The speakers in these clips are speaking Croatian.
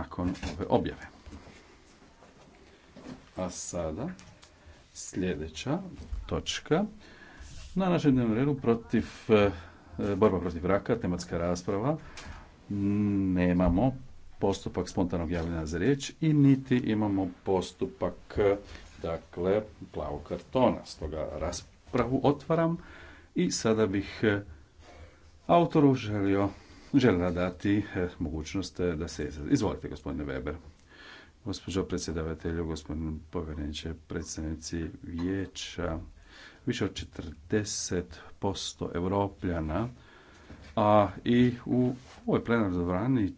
nakon ove objave. A sada sljedeća točka na našem dnevnom redu protiv e, borba protiv raka, tematska rasprava. Nemamo postupak spontanog javljanja za riječ i niti imamo postupak dakle plavog kartona. Stoga raspravu otvaram i sada bih e, autoru želio željela dati eh, mogućnost eh, da se Izvolite, gospodine Weber. Gospođo predsjedavatelju, gospodine povjereniče, predsjednici vijeća, više od 40% evropljana, a i u ovoj plenarnoj dvorani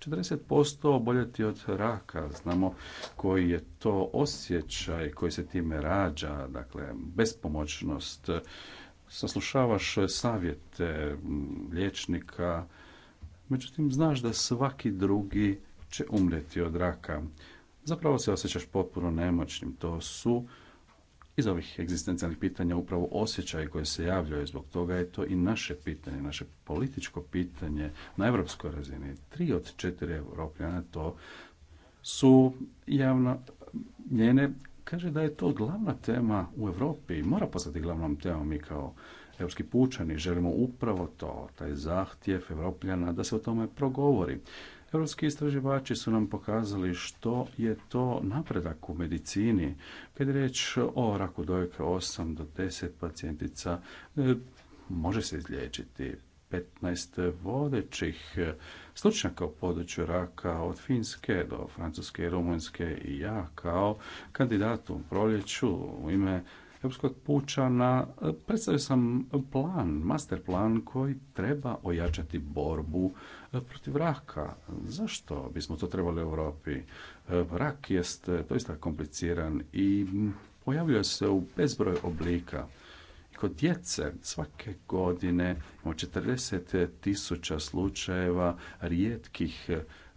40% boljeti od raka. Znamo koji je to osjećaj koji se time rađa, dakle, bespomoćnost, saslušavaš savjete liječnika, međutim znaš da svaki drugi će umreti od raka. Zapravo se osjećaš potpuno nemoćnim. To su iz ovih egzistencijalnih pitanja upravo osjećaj koje se javljaju. Zbog toga je to i naše pitanje, naše političko pitanje na evropskoj razini. Tri od četiri evropljana to su javno njene kaže da je to glavna tema u Europi i mora postati glavnom temom mi kao europski pučani želimo upravo to, taj zahtjev Evropljana da se o tome progovori. Europski istraživači su nam pokazali što je to napredak u medicini. Kad je reč o raku dojke 8 do 10 pacijentica, e, može se izliječiti 15 vodećih stručnjaka u području raka od Finske do Francuske i Rumunjske i ja kao kandidat u proljeću u ime Europskog pučana predstavio sam plan, master plan koji treba ojačati borbu e, protiv raka. Zašto bismo to trebali u Europi? E, rak jest doista kompliciran i pojavljuje se u bezbroj oblika. Kod djece svake godine imamo 40 tisuća slučajeva rijetkih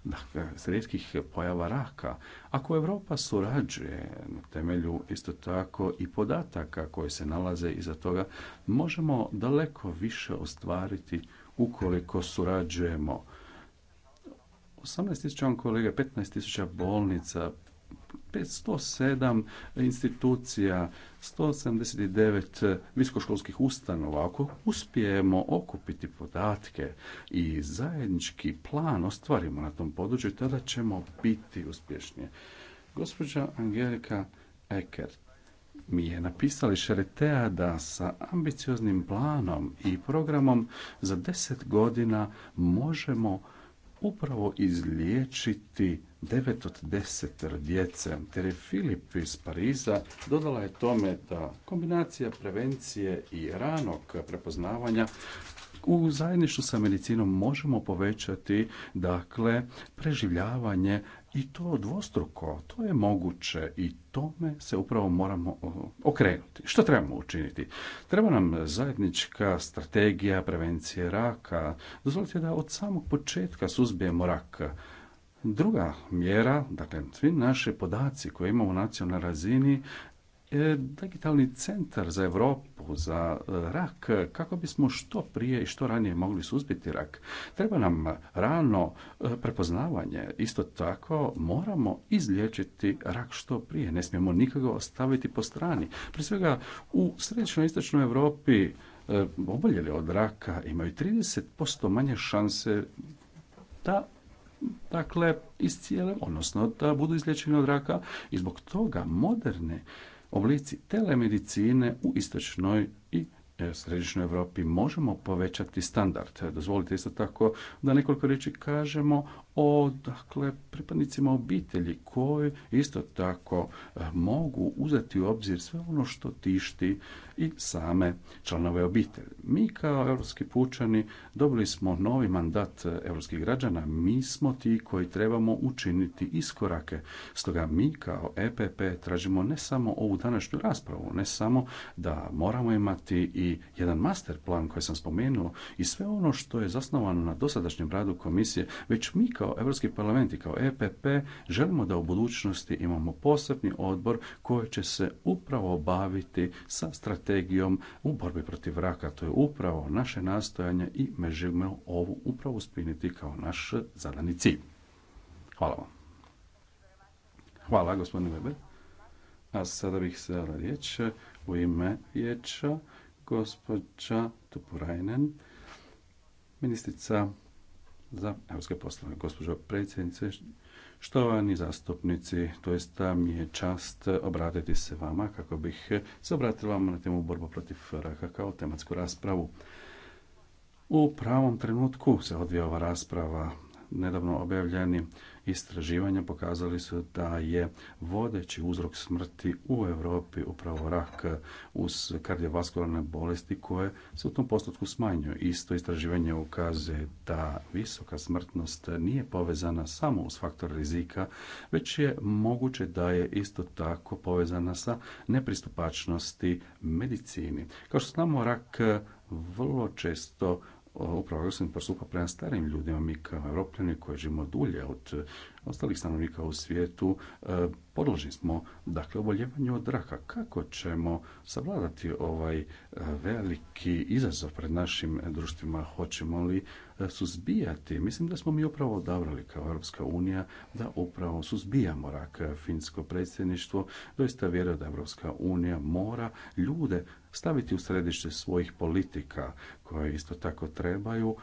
dakle, rijetkih pojava raka. Ako Europa surađuje na temelju isto tako i podataka koji se nalaze iza toga, možemo daleko više ostvariti ukoliko surađujemo. 18.000 kolega, 15.000 bolnica, 507 institucija, 179 visokoškolskih ustanova. Ako uspijemo okupiti podatke i zajednički plan ostvarimo na tom području, tada ćemo biti uspješnije. Gospođa Angelika Eker mi je napisali Šeretea da sa ambicioznim planom i programom za deset godina možemo upravo izliječiti 9 od 10 djece. Tere Filip iz Pariza dodala je tome da kombinacija prevencije i ranog prepoznavanja u zajedništvu sa medicinom možemo povećati dakle preživljavanje i to dvostruko, to je moguće i tome se upravo moramo okrenuti. Što trebamo učiniti? Treba nam zajednička strategija prevencije raka. Dozvolite da od samog početka suzbijemo rak. Druga mjera, dakle, svi naše podaci koje imamo u nacionalnoj razini E, digitalni centar za Europu za e, rak kako bismo što prije i što ranije mogli suzbiti rak. Treba nam rano e, prepoznavanje. Isto tako moramo izlječiti rak što prije. Ne smijemo nikoga ostaviti po strani. Prije svega u središnjoj istočnoj Europi oboljeli od raka imaju 30% manje šanse da dakle, cijele odnosno da budu izlječeni od raka i zbog toga moderne oblici telemedicine u istočnoj i e, središnjoj Europi možemo povećati standard. Dozvolite isto tako da nekoliko riječi kažemo o dakle, pripadnicima obitelji koji isto tako e, mogu uzeti u obzir sve ono što tišti i same članove obitelji. Mi kao europski pučani dobili smo novi mandat e, europskih građana. Mi smo ti koji trebamo učiniti iskorake. Stoga mi kao EPP tražimo ne samo ovu današnju raspravu, ne samo da moramo imati i jedan master plan koji sam spomenuo i sve ono što je zasnovano na dosadašnjem radu komisije, već mi kao kao Europski parlament i kao EPP želimo da u budućnosti imamo posebni odbor koji će se upravo baviti sa strategijom u borbi protiv raka. To je upravo naše nastojanje i me želimo ovu upravo spiniti kao naš zadani cilj. Hvala vam. Hvala, gospodine Weber. A sada bih se dala riječ u ime vijeća gospođa Tupurajnen, ministrica za europske poslove. Gospođo predsjednice, štovani zastupnici, doista mi je čast obratiti se vama kako bih se obratila vama na temu borba protiv raka kao tematsku raspravu. U pravom trenutku se odvija ova rasprava nedavno objavljeni Istraživanja pokazali su da je vodeći uzrok smrti u Europi upravo rak uz kardiovaskularne bolesti koje se u tom postotku smanjuju. Isto istraživanje ukazuje da visoka smrtnost nije povezana samo uz faktor rizika, već je moguće da je isto tako povezana sa nepristupačnosti medicini. Kao što znamo, rak vrlo često upravo agresivno postupa prema starim ljudima. Mi kao evropljani koji živimo dulje od e, ostalih stanovnika u svijetu, e, podložni smo dakle oboljevanju od raka. Kako ćemo savladati ovaj e, veliki izazov pred našim društvima? Hoćemo li suzbijati. Mislim da smo mi upravo odabrali kao Europska unija da upravo suzbijamo rak. E, finsko predsjedništvo doista vjerujem da Europska unija mora ljude staviti u središte svojih politika koje isto tako trebaju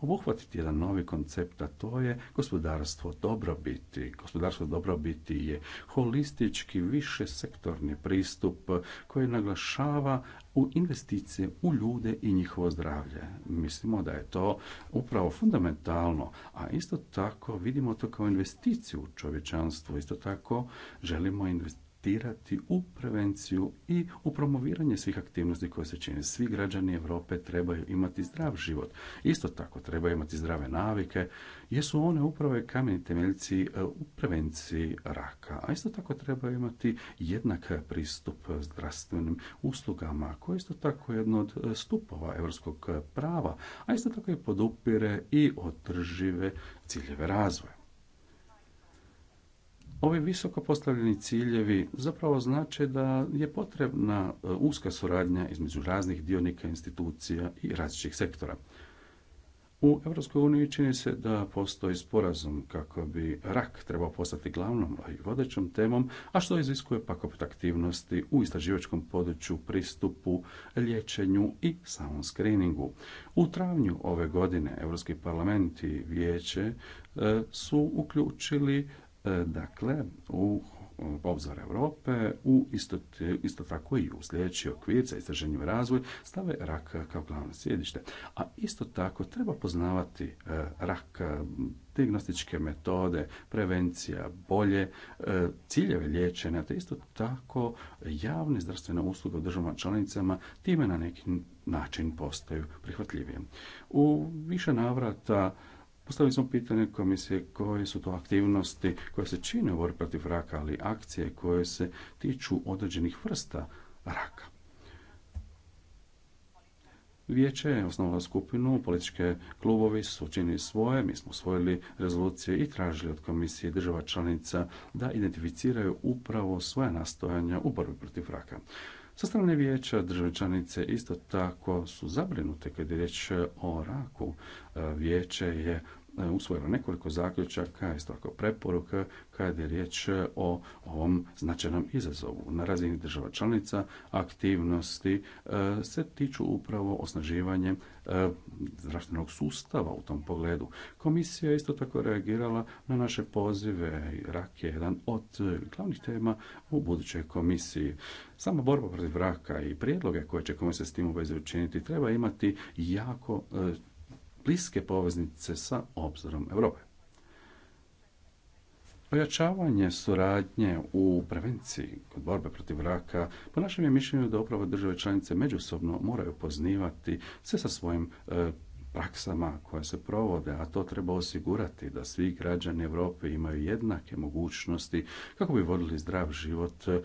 obuhvatiti jedan novi koncept, a to je gospodarstvo dobrobiti. Gospodarstvo dobrobiti je holistički, više sektorni pristup koji naglašava u investicije u ljude i njihovo zdravlje. Mislimo da je to upravo fundamentalno, a isto tako vidimo to kao investiciju u čovječanstvo. Isto tako želimo investirati investirati u prevenciju i u promoviranje svih aktivnosti koje se čine. Svi građani Europe trebaju imati zdrav život. Isto tako trebaju imati zdrave navike, jer su one upravo kameni temeljci e, u prevenciji raka. A isto tako trebaju imati jednak pristup zdravstvenim uslugama, koje je isto tako jedno od e, stupova europskog prava, a isto tako i podupire i održive ciljeve razvoja. Ovi visoko postavljeni ciljevi zapravo znače da je potrebna e, uska suradnja između raznih dionika institucija i različitih sektora. U EU čini se da postoji sporazum kako bi rak trebao postati glavnom, i vodećom temom, a što iziskuje pak aktivnosti u istraživačkom području, pristupu, liječenju i samom screeningu. U travnju ove godine Europski parlament i vijeće e, su uključili E, dakle u e, obzor Europe u isto, isto tako i u sljedeći okvir za istraženje razvoj stave rak kao glavno sjedište. A isto tako treba poznavati e, rak, diagnostičke metode, prevencija, bolje ciljeve liječenja, te isto tako javne zdravstvene usluge u državama članicama time na neki način postaju prihvatljivije. U više navrata Postavili smo pitanje komisije koje su to aktivnosti koje se čine u borbi protiv raka, ali akcije koje se tiču određenih vrsta raka. Vijeće je osnovalo skupinu, političke klubovi su učinili svoje, mi smo usvojili rezolucije i tražili od komisije država članica da identificiraju upravo svoje nastojanja u borbi protiv raka. Sa strane vijeća države članice isto tako su zabrinute kad je riječ o raku. E, vijeće je usvojilo nekoliko zaključaka, isto tako preporuka, kad je riječ o ovom značajnom izazovu. Na razini država članica aktivnosti e, se tiču upravo osnaživanje e, zdravstvenog sustava u tom pogledu. Komisija je isto tako reagirala na naše pozive. Rak je jedan od glavnih tema u budućoj komisiji. Sama borba protiv raka i prijedloge koje će komisija s tim u učiniti treba imati jako e, bliske poveznice sa obzorom Europe. Pojačavanje suradnje u prevenciji kod borbe protiv raka, po našem je mišljenju da upravo države članice međusobno moraju poznivati sve sa svojim e, praksama koje se provode, a to treba osigurati da svi građani Europe imaju jednake mogućnosti kako bi vodili zdrav život e,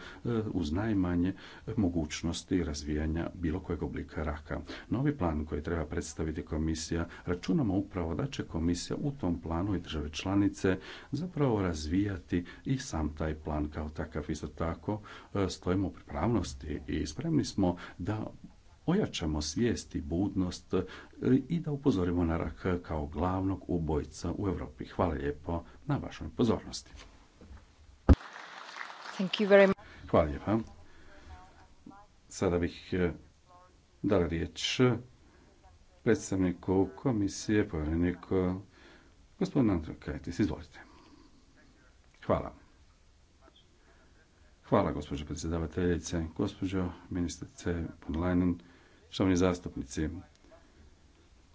uz najmanje mogućnosti razvijanja bilo kojeg oblika raka. Novi plan koji treba predstaviti komisija računamo upravo da će komisija u tom planu i države članice zapravo razvijati i sam taj plan kao takav. Isto tako e, stojimo u pripravnosti i spremni smo da ojačamo svijest i budnost e, i da upozorimo na rak kao glavnog ubojca u Europi. Hvala lijepo na vašoj pozornosti. Hvala lijepa. Sada bih e, dala riječ predstavniku komisije, povjereniku gospodin Andro Kajtis. Izvolite. Hvala. Hvala gospođo predsjedavateljice, gospođo ministrice von štovni zastupnici.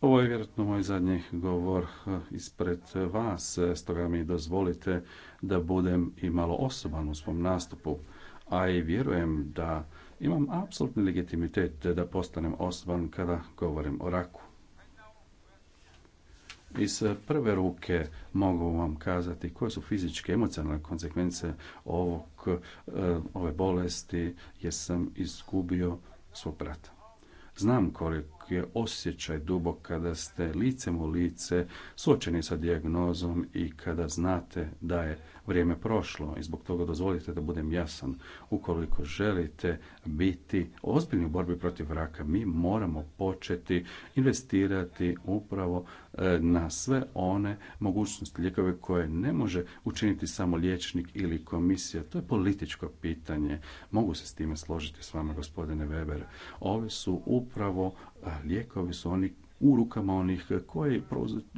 Ovo je vjerojatno moj zadnji govor e, ispred vas, e, stoga mi dozvolite da budem i malo osoban u svom nastupu, a i vjerujem da imam apsolutni legitimitet da postanem osoban kada govorim o raku. Iz prve ruke mogu vam kazati koje su fizičke, emocionalne konsekvence ovog, e, ove bolesti jer sam izgubio svog brata. Znam koliki je osjećaj dubok kada ste licem u lice suočeni sa dijagnozom i kada znate da je vrijeme prošlo i zbog toga dozvolite da budem jasan. Ukoliko želite biti ozbiljni u borbi protiv raka, mi moramo početi investirati upravo e, na sve one mogućnosti lijekove koje ne može učiniti samo liječnik ili komisija. To je političko pitanje. Mogu se s time složiti s vama, gospodine Weber. Ovi su upravo, e, lijekovi su oni u rukama onih koji,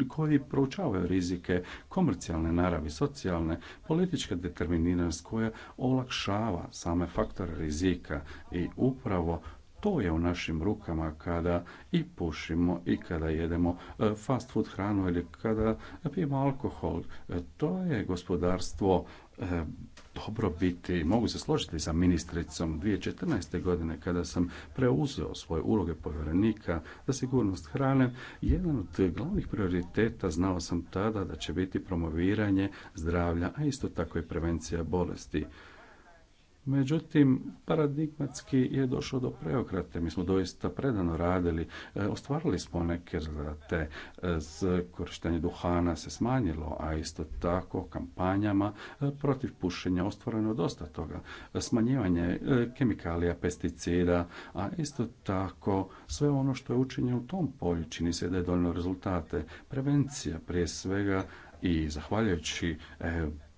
koji proučavaju rizike komercijalne naravi, socijalne, politička determiniranost koja olakšava same faktore rizika i upravo to je u našim rukama kada i pušimo i kada jedemo e, fast food hranu ili kada pijemo alkohol. E, to je gospodarstvo e, dobro biti, mogu se složiti sa ministricom 2014. godine kada sam preuzeo svoje uloge povjerenika za sigurnost hrane, jedan od glavnih prioriteta znao sam tada da će biti promoviranje zdravlja, a isto tako i prevencija bolesti. Međutim, paradigmatski je došlo do preokrate. Mi smo doista predano radili, e, ostvarili smo neke rezultate, e, korištenje duhana se smanjilo, a isto tako kampanjama e, protiv pušenja ostvareno dosta toga. Smanjivanje kemikalija, pesticida, a isto tako sve ono što je učinjeno u tom polju čini se da je dovoljno rezultate. Prevencija prije svega i zahvaljujući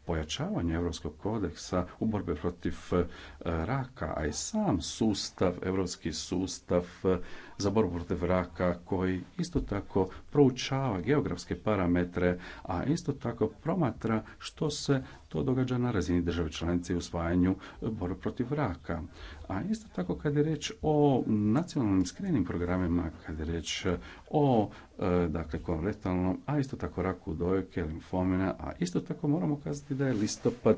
pojačavanje Europskog kodeksa u borbi protiv e, raka, a i sam sustav, Europski sustav e, za borbu protiv raka koji isto tako proučava geografske parametre, a isto tako promatra što se to događa na razini države članice i usvajanju borbe protiv raka. A isto tako kad je reč o nacionalnim skrenim programima, kad je reč o e, dakle kolorektalnom, a isto tako raku dojke, limfomina, a isto tako moramo kazati da je listopad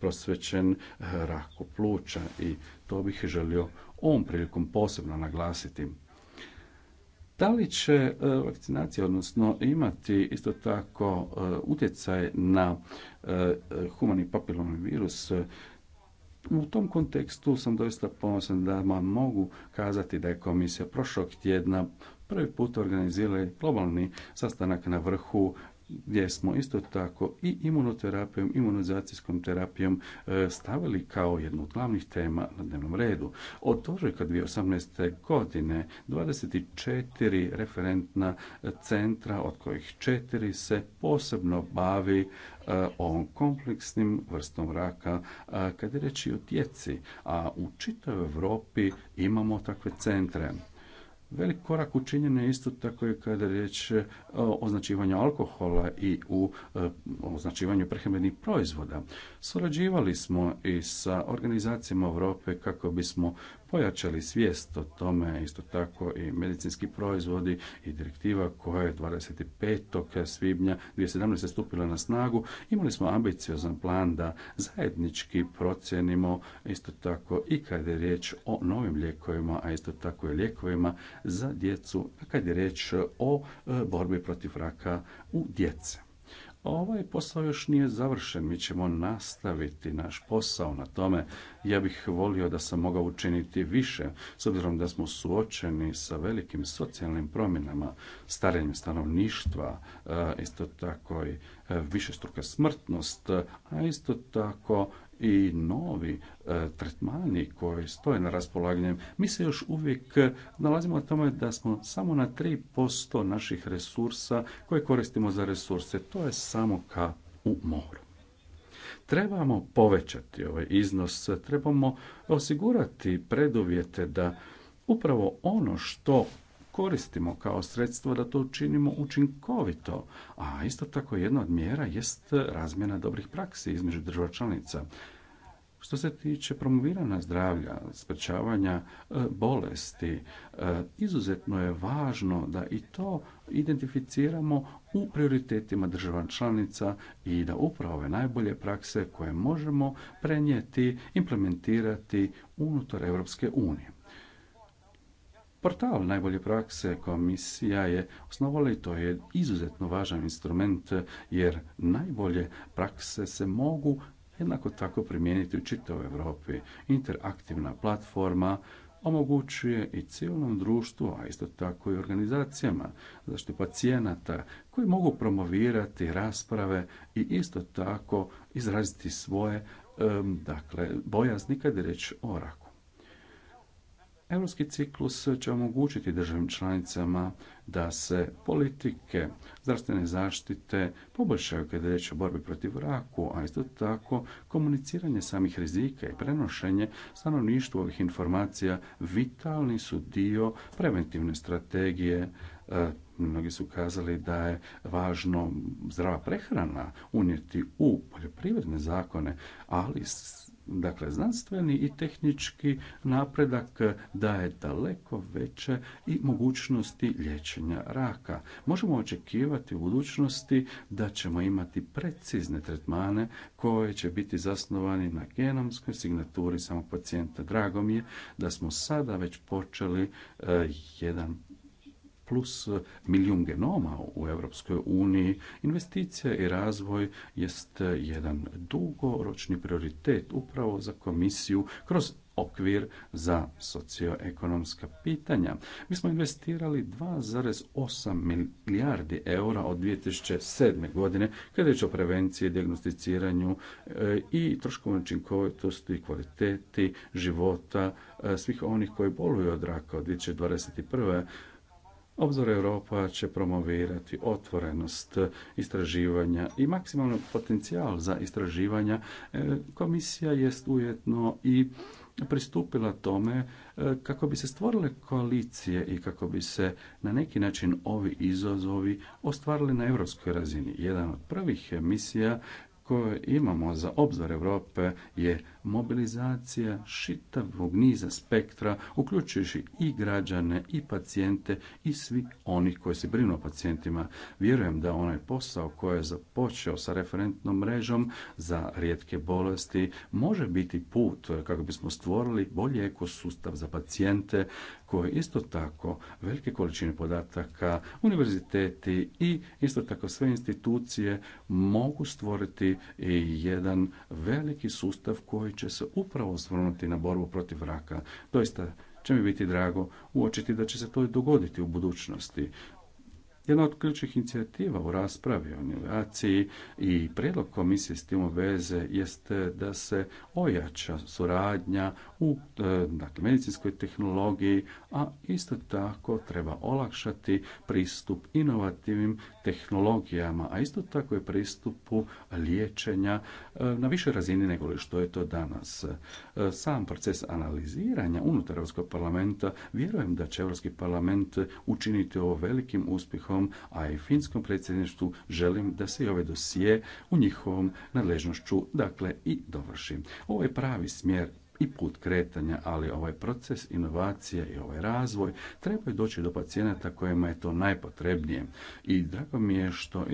prosvećen e, raku pluća i to bih želio ovom prilikom posebno naglasiti. Da li će e, vakcinacija, odnosno imati isto tako utjecaj na humani papilomni virus u tom kontekstu sam doista ponosan da vam mogu kazati da je komisija prošlog tjedna prvi put organizirala globalni sastanak na vrhu gdje smo isto tako i imunoterapijom, imunizacijskom terapijom e, stavili kao jednu od glavnih tema na dnevnom redu. Od ožujka 2018. godine 24 referentna centra, od kojih četiri se posebno bavi e, ovom kompleksnim vrstom raka e, kada je reći o djeci, a u čitavoj Europi imamo takve centre. Velik korak učinjen je isto tako i kada je riječ e, o označivanju alkohola i u e, označivanju prehrambenih proizvoda. Surađivali smo i sa organizacijama Europe kako bismo pojačali svijest o tome, isto tako i medicinski proizvodi i direktiva koja je 25. svibnja 2017. stupila na snagu. Imali smo ambiciozan plan da zajednički procijenimo isto tako i kad je riječ o novim lijekovima, a isto tako i lijekovima za djecu, kad je riječ o e, borbi protiv raka u djece. Ovaj posao još nije završen, mi ćemo nastaviti naš posao na tome. Ja bih volio da sam mogao učiniti više, s obzirom da smo suočeni sa velikim socijalnim promjenama, starenjem stanovništva, e, isto tako i e, višestruka smrtnost, a isto tako i novi e, tretmani koji stoje na raspolaganju, mi se još uvijek nalazimo na tome da smo samo na 3% naših resursa koje koristimo za resurse. To je samo ka u moru. Trebamo povećati ovaj iznos, trebamo osigurati preduvjete da upravo ono što koristimo kao sredstvo da to učinimo učinkovito. A isto tako jedna od mjera jest razmjena dobrih praksi između država članica. Što se tiče promovirana zdravlja, sprečavanja e, bolesti, e, izuzetno je važno da i to identificiramo u prioritetima država članica i da upravo ove najbolje prakse koje možemo prenijeti, implementirati unutar Europske unije. Portal najbolje prakse komisija je osnovala i to je izuzetno važan instrument jer najbolje prakse se mogu jednako tako primijeniti u čitavoj Europi. Interaktivna platforma omogućuje i civilnom društvu, a isto tako i organizacijama zaštite pacijenata koji mogu promovirati rasprave i isto tako izraziti svoje dakle bojaznika kad je o raku. Europski ciklus će omogućiti državnim članicama da se politike zdravstvene zaštite poboljšaju kada je riječ o borbi protiv raku, a isto tako komuniciranje samih rizika i prenošenje stanovništvu ovih informacija vitalni su dio preventivne strategije e, mnogi su kazali da je važno zdrava prehrana unijeti u poljoprivredne zakone, ali Dakle, znanstveni i tehnički napredak daje daleko veće i mogućnosti liječenja raka. Možemo očekivati u budućnosti da ćemo imati precizne tretmane koje će biti zasnovani na genomskoj signaturi samog pacijenta. Drago mi je da smo sada već počeli e, jedan plus eh, milijun genoma u Europskoj uniji. Investicija i razvoj jest eh, jedan dugoročni prioritet upravo za komisiju kroz okvir za socioekonomska pitanja. Mi smo investirali 2,8 milijardi eura od 2007. godine kada je o prevenciji, diagnosticiranju eh, i troškovnoj učinkovitosti i kvaliteti života svih onih koji boluju od raka od 2021. Obzor Europa će promovirati otvorenost istraživanja i maksimalni potencijal za istraživanja. E, komisija jest ujedno i pristupila tome e, kako bi se stvorile koalicije i kako bi se na neki način ovi izazovi ostvarili na europskoj razini. Jedan od prvih emisija koje imamo za obzor Europe je mobilizacija šitavog niza spektra, uključujući i građane i pacijente i svi oni koji se brinu o pacijentima. Vjerujem da onaj posao koji je započeo sa referentnom mrežom za rijetke bolesti može biti put kako bismo stvorili bolji ekosustav za pacijente koji isto tako velike količine podataka, univerziteti i isto tako sve institucije mogu stvoriti jedan veliki sustav koji će se upravo osvrnuti na borbu protiv raka. Doista će mi biti drago uočiti da će se to dogoditi u budućnosti. Jedna od ključnih inicijativa u raspravi o inovaciji i predlog komisije s tim veze jeste da se ojača suradnja u e, dakle, medicinskoj tehnologiji, a isto tako treba olakšati pristup inovativnim tehnologijama, a isto tako i pristupu liječenja e, na više razini nego što je to danas. E, sam proces analiziranja unutar Europskog parlamenta vjerujem da će Europski parlament učiniti ovo velikim uspjehom, a i finskom predsjedništvu želim da se i ove ovaj dosije u njihovom nadležnošću dakle i dovrši. Ovo je pravi smjer i put kretanja, ali ovaj proces inovacija i ovaj razvoj trebaju doći do pacijenata kojima je to najpotrebnije. I drago mi je što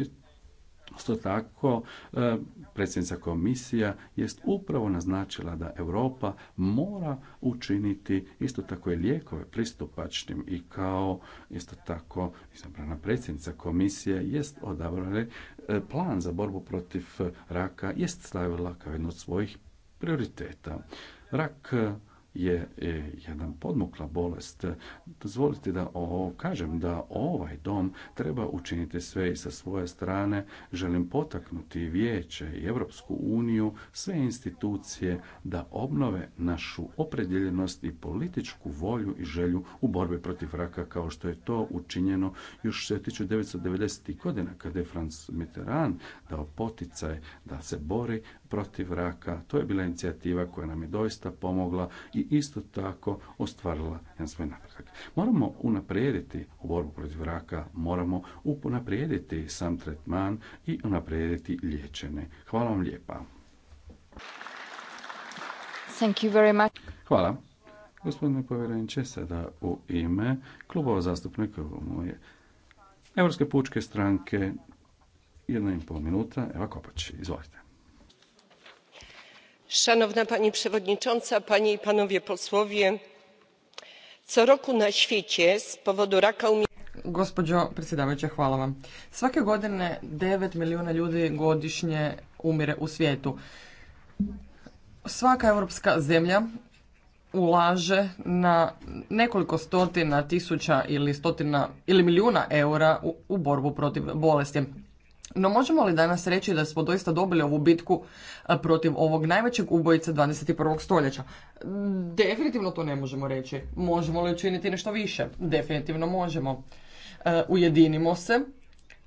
Isto tako, e, predsjednica komisija jest upravo naznačila da Europa mora učiniti isto tako i lijekove pristupačnim i kao isto tako izabrana predsjednica komisije jest odabrala e, plan za borbu protiv raka jest stavila kao jednu od svojih prioriteta. Rak je e, jedan podmukla bolest. Dozvolite da kažem da ovaj dom treba učiniti sve i sa svoje strane. Želim potaknuti vijeće i Europsku uniju, sve institucije da obnove našu opredjeljenost i političku volju i želju u borbi protiv raka kao što je to učinjeno još 1990. godina kada je Franz Mitterrand dao poticaj da se bori protiv raka. To je bila inicijativa koja nam je doista pomogla i isto tako ostvarila jedan svoj napredak. Moramo unaprijediti u borbu protiv raka, moramo unaprijediti sam tretman i unaprijediti liječenje. Hvala vam lijepa. Thank you very much. Hvala. Gospodine povjereniče, sada u ime klubova zastupnika moje Europske pučke stranke, jedna i pol minuta, Eva Kopač, izvolite pani przewodnicząca! panie i panowie posłowie! co roku na świecie z powodu raka gospođo predsjedavajuća hvala vam svake godine devet milijuna ljudi godišnje umire u svijetu svaka europska zemlja ulaže na nekoliko stotina tisuća ili stotina ili milijuna eura u, u borbu protiv bolesti no možemo li danas reći da smo doista dobili ovu bitku e, protiv ovog najvećeg ubojice 21. stoljeća? Definitivno to ne možemo reći. Možemo li učiniti nešto više? Definitivno možemo. E, ujedinimo se,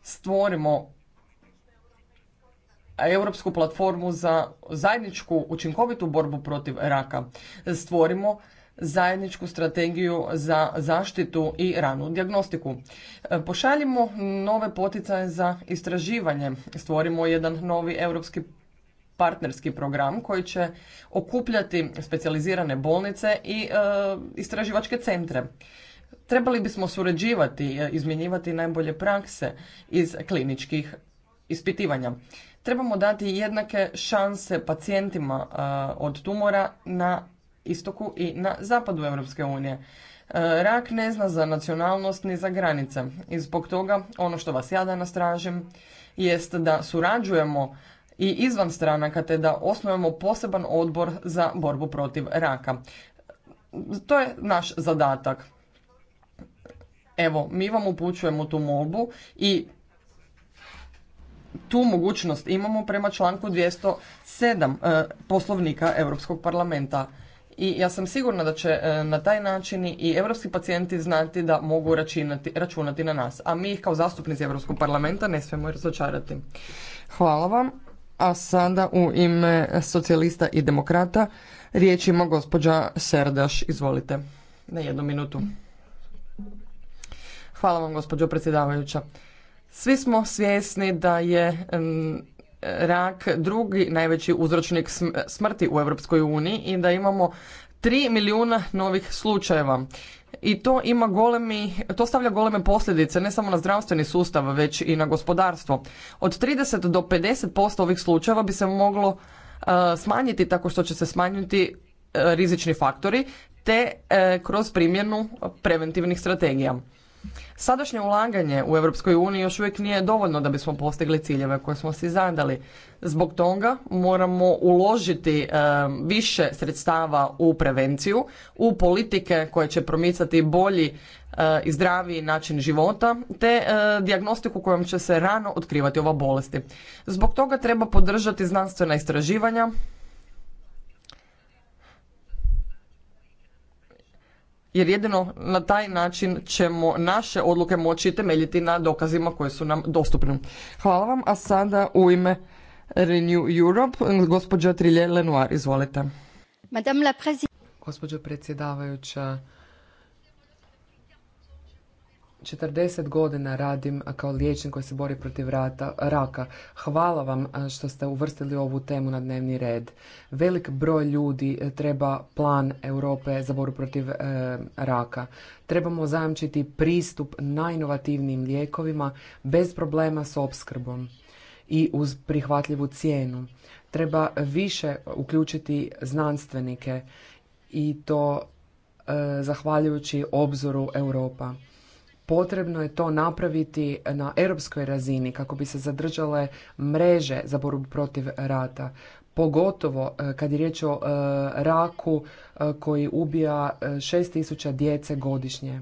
stvorimo europsku platformu za zajedničku učinkovitu borbu protiv raka. Stvorimo zajedničku strategiju za zaštitu i ranu dijagnostiku. E, pošaljimo nove poticaje za istraživanje, stvorimo jedan novi europski partnerski program koji će okupljati specijalizirane bolnice i e, istraživačke centre. Trebali bismo surađivati, e, izmjenjivati najbolje prakse iz kliničkih ispitivanja. Trebamo dati jednake šanse pacijentima od tumora na istoku i na zapadu Europske unije. E, rak ne zna za nacionalnost ni za granice i zbog toga ono što vas ja danas tražim jest da surađujemo i izvan stranaka te da osnujemo poseban odbor za borbu protiv raka. To je naš zadatak. Evo, mi vam upućujemo tu molbu i tu mogućnost imamo prema članku 207 e, poslovnika Europskog parlamenta i ja sam sigurna da će e, na taj način i europski pacijenti znati da mogu računati, računati na nas, a mi ih kao zastupnici Europskog parlamenta ne smijemo razočarati. Hvala vam. A sada u ime socijalista i demokrata riječ ima gospođa Serdaš. Izvolite. Na jednu minutu. Hvala vam gospođo predsjedavajuća. Svi smo svjesni da je rak drugi najveći uzročnik smrti u Europskoj uniji i da imamo 3 milijuna novih slučajeva. I to ima golemi, to stavlja goleme posljedice ne samo na zdravstveni sustav već i na gospodarstvo. Od 30 do 50% ovih slučajeva bi se moglo e, smanjiti tako što će se smanjiti e, rizični faktori te e, kroz primjenu preventivnih strategija. Sadašnje ulaganje u Europskoj uniji još uvijek nije dovoljno da bismo postigli ciljeve koje smo si zadali. Zbog toga moramo uložiti e, više sredstava u prevenciju, u politike koje će promicati bolji e, i zdraviji način života, te e, dijagnostiku kojom će se rano otkrivati ova bolesti. Zbog toga treba podržati znanstvena istraživanja, jer jedino na taj način ćemo naše odluke moći temeljiti na dokazima koje su nam dostupni. Hvala vam, a sada u ime Renew Europe, gospođa Trilje Lenoir, izvolite. Madame Gospođo predsjedavajuća, 40 godina radim kao liječnik koji se bori protiv rata, raka. Hvala vam što ste uvrstili ovu temu na dnevni red. Velik broj ljudi e, treba plan Europe za boru protiv e, raka. Trebamo zajamčiti pristup najinovativnijim lijekovima bez problema s opskrbom i uz prihvatljivu cijenu. Treba više uključiti znanstvenike i to e, zahvaljujući obzoru Europa potrebno je to napraviti na europskoj razini kako bi se zadržale mreže za borbu protiv rata pogotovo e, kad je riječ o e, raku e, koji ubija 6000 djece godišnje.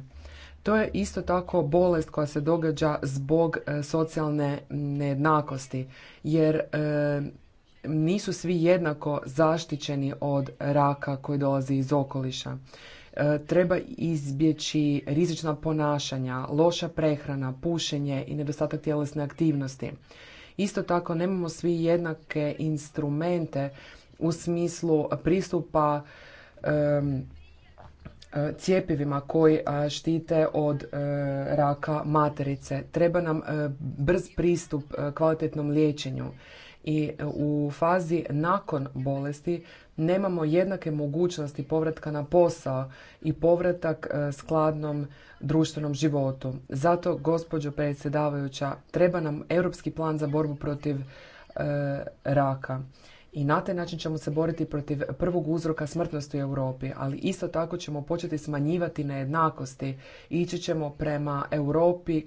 To je isto tako bolest koja se događa zbog socijalne nejednakosti jer nisu svi jednako zaštićeni od raka koji dolazi iz okoliša. E, treba izbjeći rizična ponašanja, loša prehrana, pušenje i nedostatak tjelesne aktivnosti. Isto tako nemamo svi jednake instrumente u smislu pristupa e, cijepivima koji e, štite od raka materice. Treba nam brz pristup kvalitetnom liječenju i e, u fazi nakon bolesti nemamo jednake mogućnosti povratka na posao i povratak e, skladnom društvenom životu. Zato, gospođo predsjedavajuća, treba nam europski plan za borbu protiv e, raka. I na taj način ćemo se boriti protiv prvog uzroka smrtnosti u Europi, ali isto tako ćemo početi smanjivati nejednakosti. Ići ćemo prema Europi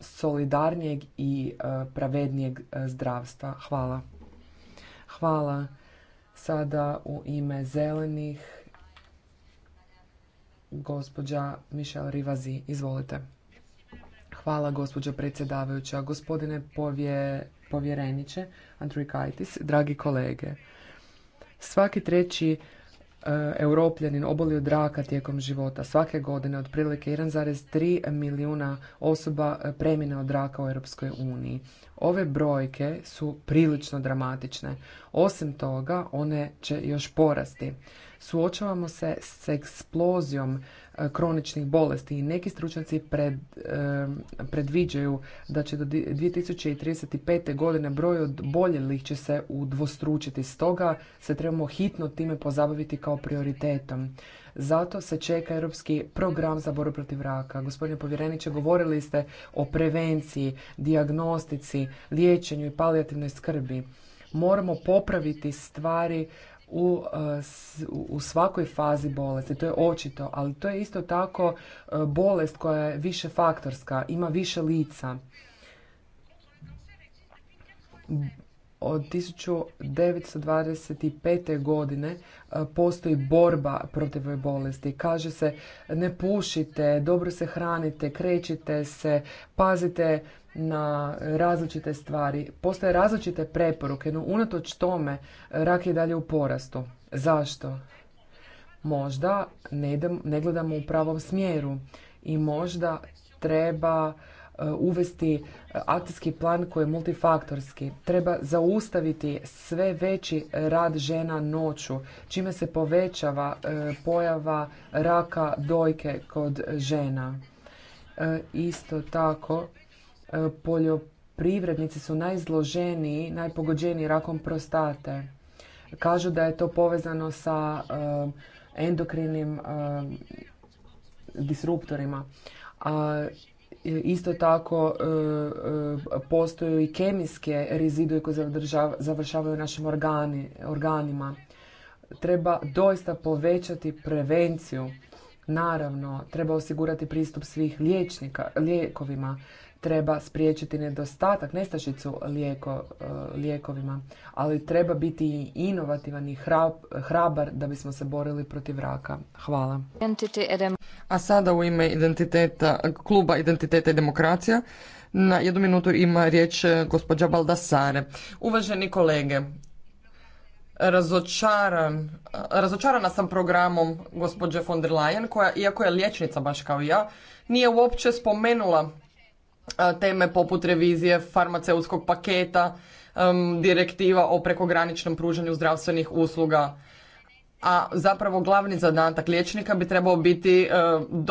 solidarnijeg i e, pravednijeg e, zdravstva. Hvala. Hvala sada u ime zelenih gospođa Mišel Rivazi. Izvolite. Hvala gospođo predsjedavajuća, gospodine povje, povjereniče Kajtis, dragi kolege. Svaki treći E, europljanin oboli od raka tijekom života. Svake godine otprilike 1,3 milijuna osoba e, premine od raka u Europskoj uniji. Ove brojke su prilično dramatične. Osim toga, one će još porasti. Suočavamo se s eksplozijom e, kroničnih bolesti i neki stručnjaci pred, e, predviđaju da će do 2035. godine broj od boljelih će se udvostručiti. Stoga se trebamo hitno time pozabaviti kao prioritetom. Zato se čeka europski program za borbu protiv raka. Gospodine povjereniče, govorili ste o prevenciji, dijagnostici, liječenju i palijativnoj skrbi. Moramo popraviti stvari u, uh, u svakoj fazi bolesti, to je očito, ali to je isto tako uh, bolest koja je više faktorska, ima više lica od 1925. godine e, postoji borba protiv ove bolesti. Kaže se ne pušite, dobro se hranite, krećite se, pazite na različite stvari. Postoje različite preporuke, no unatoč tome rak je dalje u porastu. Zašto? Možda ne gledamo u pravom smjeru i možda treba E, uvesti e, akcijski plan koji je multifaktorski. Treba zaustaviti sve veći rad žena noću, čime se povećava e, pojava raka dojke kod žena. Isto tako, poljoprivrednici su najizloženiji, najpogođeniji rakom prostate. Kažu da je to povezano sa endokrinim disruptorima. A Isto tako e, e, postoje i kemijske rezidue koje završavaju u našim organima. Treba doista povećati prevenciju Naravno, treba osigurati pristup svih liječnika, lijekovima, treba spriječiti nedostatak, nestašicu lijeko, e, lijekovima, ali treba biti inovativan i hrabar da bismo se borili protiv raka. Hvala. A sada u ime identiteta, kluba Identiteta i demokracija na jednu minutu ima riječ e, gospođa Baldasare. Uvaženi kolege, razočaran, razočarana sam programom gospođe von der Leyen koja, iako je liječnica baš kao ja, nije uopće spomenula e, teme poput revizije farmaceutskog paketa, direktiva o prekograničnom pružanju zdravstvenih usluga. A zapravo glavni zadatak liječnika bi trebao biti, e,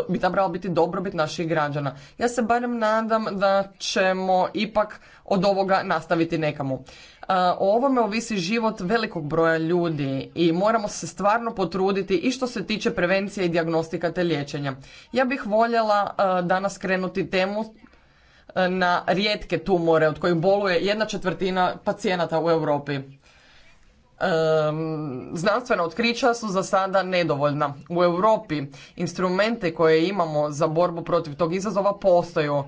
bi trebao biti dobrobit naših građana. Ja se barem nadam da ćemo ipak od ovoga nastaviti nekamu. E, o ovome ovisi život velikog broja ljudi i moramo se stvarno potruditi i što se tiče prevencije i dijagnostika te liječenja. Ja bih voljela e, danas krenuti temu e, na rijetke tumore od kojih boluje jedna četvrtina pacijenata u Europi. Znanstvena otkrića su za sada nedovoljna. U Europi instrumente koje imamo za borbu protiv tog izazova postaju.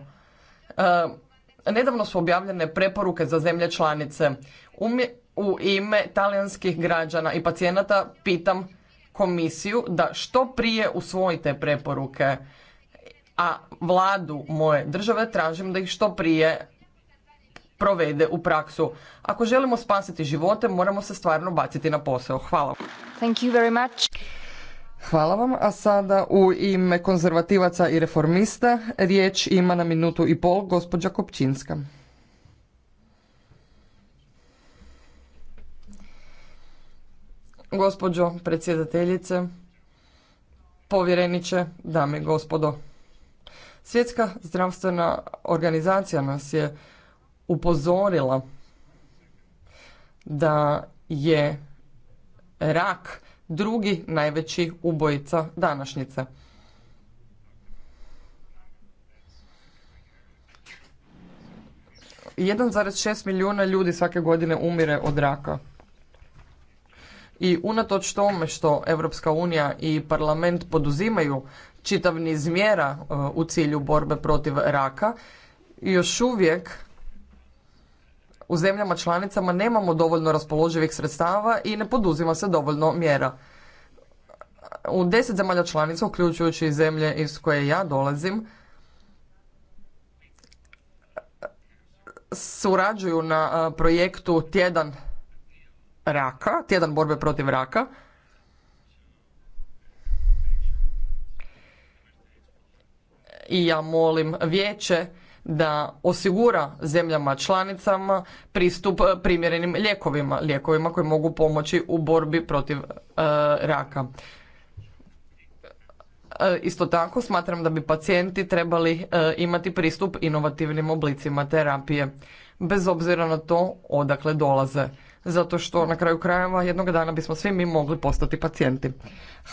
Nedavno su objavljene preporuke za zemlje članice. U ime talijanskih građana i pacijenata pitam komisiju da što prije usvojite preporuke, a vladu moje države tražim da ih što prije provede u praksu. Ako želimo spasiti živote, moramo se stvarno baciti na posao. Hvala. Hvala vam, a sada u ime konzervativaca i reformista riječ ima na minutu i pol gospođa Kopčinska. Gospođo predsjedateljice, povjereniče, dame i gospodo. Svjetska zdravstvena organizacija nas je upozorila da je rak drugi najveći ubojica današnjice. Jedan milijuna ljudi svake godine umire od raka. I unatoč tome što Europska unija i parlament poduzimaju čitav niz mjera uh, u cilju borbe protiv raka, još uvijek u zemljama članicama nemamo dovoljno raspoloživih sredstava i ne poduzima se dovoljno mjera. U deset zemalja članica, uključujući i zemlje iz koje ja dolazim, surađuju na projektu Tjedan raka, Tjedan borbe protiv raka. I ja molim vijeće da osigura zemljama članicama pristup e, primjerenim lijekovima, lijekovima koji mogu pomoći u borbi protiv e, raka. E, isto tako smatram da bi pacijenti trebali imati pristup inovativnim oblicima terapije, bez obzira na to odakle dolaze. Zato što na kraju krajeva jednog dana bismo svi mi mogli postati pacijenti.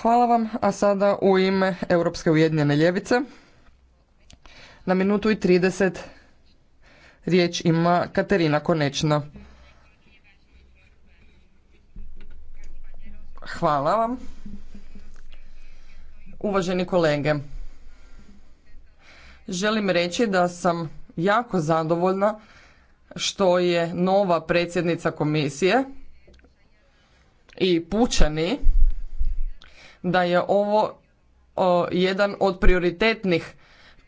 Hvala vam, a sada u ime Europske ujedinjene ljevice na minutu i 30 riječ ima Katerina Konečna. Hvala vam. Uvaženi kolege, želim reći da sam jako zadovoljna što je nova predsjednica komisije i pučani da je ovo jedan od prioritetnih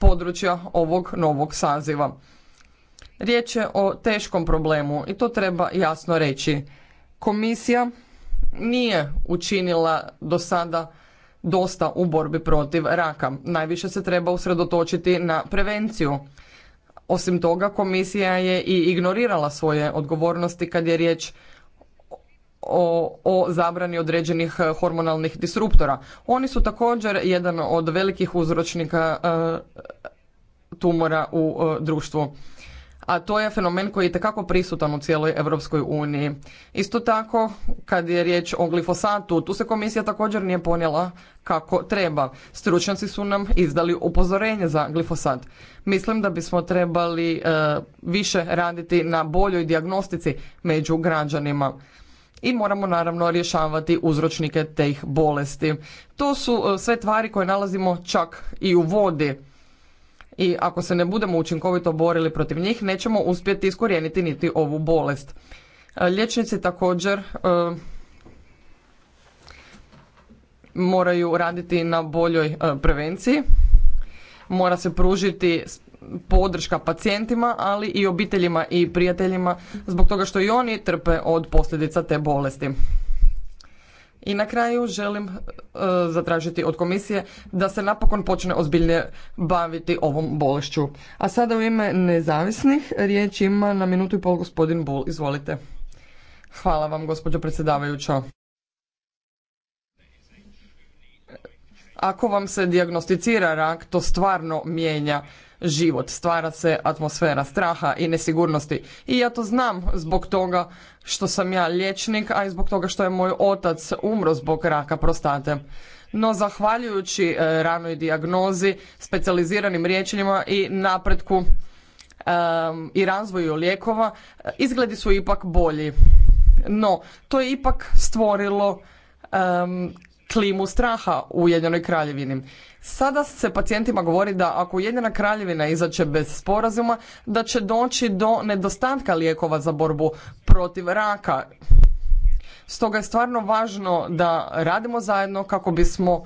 područja ovog novog saziva. Riječ je o teškom problemu i to treba jasno reći. Komisija nije učinila do sada dosta u borbi protiv raka. Najviše se treba usredotočiti na prevenciju. Osim toga, komisija je i ignorirala svoje odgovornosti kad je riječ o, o zabrani određenih e, hormonalnih disruptora. Oni su također jedan od velikih uzročnika e, tumora u e, društvu a to je fenomen koji je itekako prisutan u cijeloj Europskoj uniji. Isto tako, kad je riječ o glifosatu, tu se komisija također nije ponijela kako treba. Stručnjaci su nam izdali upozorenje za glifosat. Mislim da bismo trebali više raditi na boljoj dijagnostici među građanima i moramo naravno rješavati uzročnike teh bolesti. To su e, sve tvari koje nalazimo čak i u vodi. I ako se ne budemo učinkovito borili protiv njih, nećemo uspjeti iskorijeniti niti ovu bolest. E, liječnici također e, moraju raditi na boljoj prevenciji. Mora se pružiti podrška pacijentima, ali i obiteljima i prijateljima zbog toga što i oni trpe od posljedica te bolesti. I na kraju želim e, zatražiti od komisije da se napokon počne ozbiljnije baviti ovom bolešću. A sada u ime nezavisnih riječ ima na minutu i pol gospodin Bul. Izvolite. Hvala vam gospođo predsjedavajuća. Ako vam se dijagnosticira rak, to stvarno mijenja život, stvara se atmosfera straha i nesigurnosti. I ja to znam zbog toga što sam ja liječnik, a i zbog toga što je moj otac umro zbog raka prostate. No, zahvaljujući e, ranoj dijagnozi, specijaliziranim riječenjima i napretku i razvoju lijekova, izgledi su ipak bolji. No, to je ipak stvorilo klimu straha u Ujedinjenoj kraljevini. Sada se pacijentima govori da ako Ujedinjena kraljevina izaće bez sporazuma, da će doći do nedostatka lijekova za borbu protiv raka. Stoga je stvarno važno da radimo zajedno kako bismo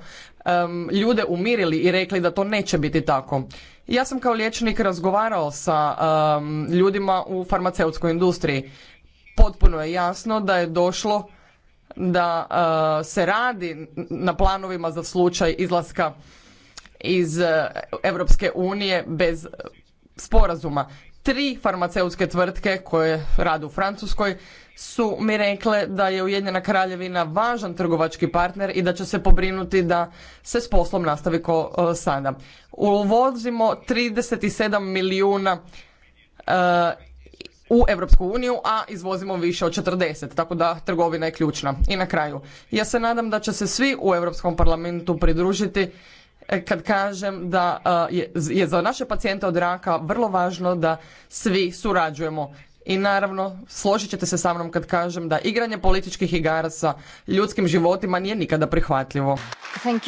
ljude umirili i rekli da to neće biti tako. Ja sam kao liječnik razgovarao sa ljudima u farmaceutskoj industriji. Potpuno je jasno da je došlo da e, se radi na planovima za slučaj izlaska iz Europske unije bez sporazuma. Tri farmaceutske tvrtke koje rade u Francuskoj su mi rekle da je Ujedinjena kraljevina važan trgovački partner i da će se pobrinuti da se s poslom nastavi ko e, sada. Uvozimo 37 milijuna e, u Europsku uniju, a izvozimo više od 40, tako da trgovina je ključna. I na kraju, ja se nadam da će se svi u Europskom parlamentu pridružiti e, kad kažem da e, je za naše pacijente od raka vrlo važno da svi surađujemo. I naravno, složit ćete se sa mnom kad kažem da igranje političkih igara sa ljudskim životima nije nikada prihvatljivo. Thank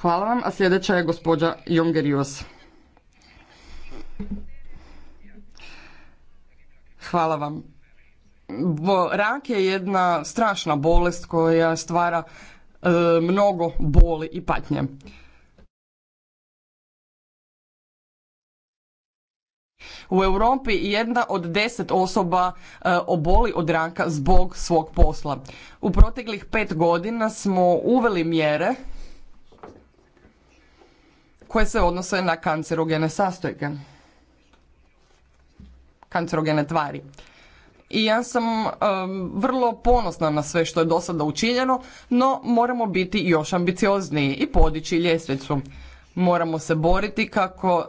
Hvala vam, a sljedeća je gospođa Jongerius. Hvala vam. Rak je jedna strašna bolest koja stvara e, mnogo boli i patnje. U Europi jedna od deset osoba e, oboli od raka zbog svog posla. U proteklih pet godina smo uveli mjere koje se odnose na kancerogene sastojke, kancerogene tvari. I ja sam e, vrlo ponosna na sve što je do sada učinjeno, no moramo biti još ambiciozniji i podići ljestvicu. Moramo se boriti kako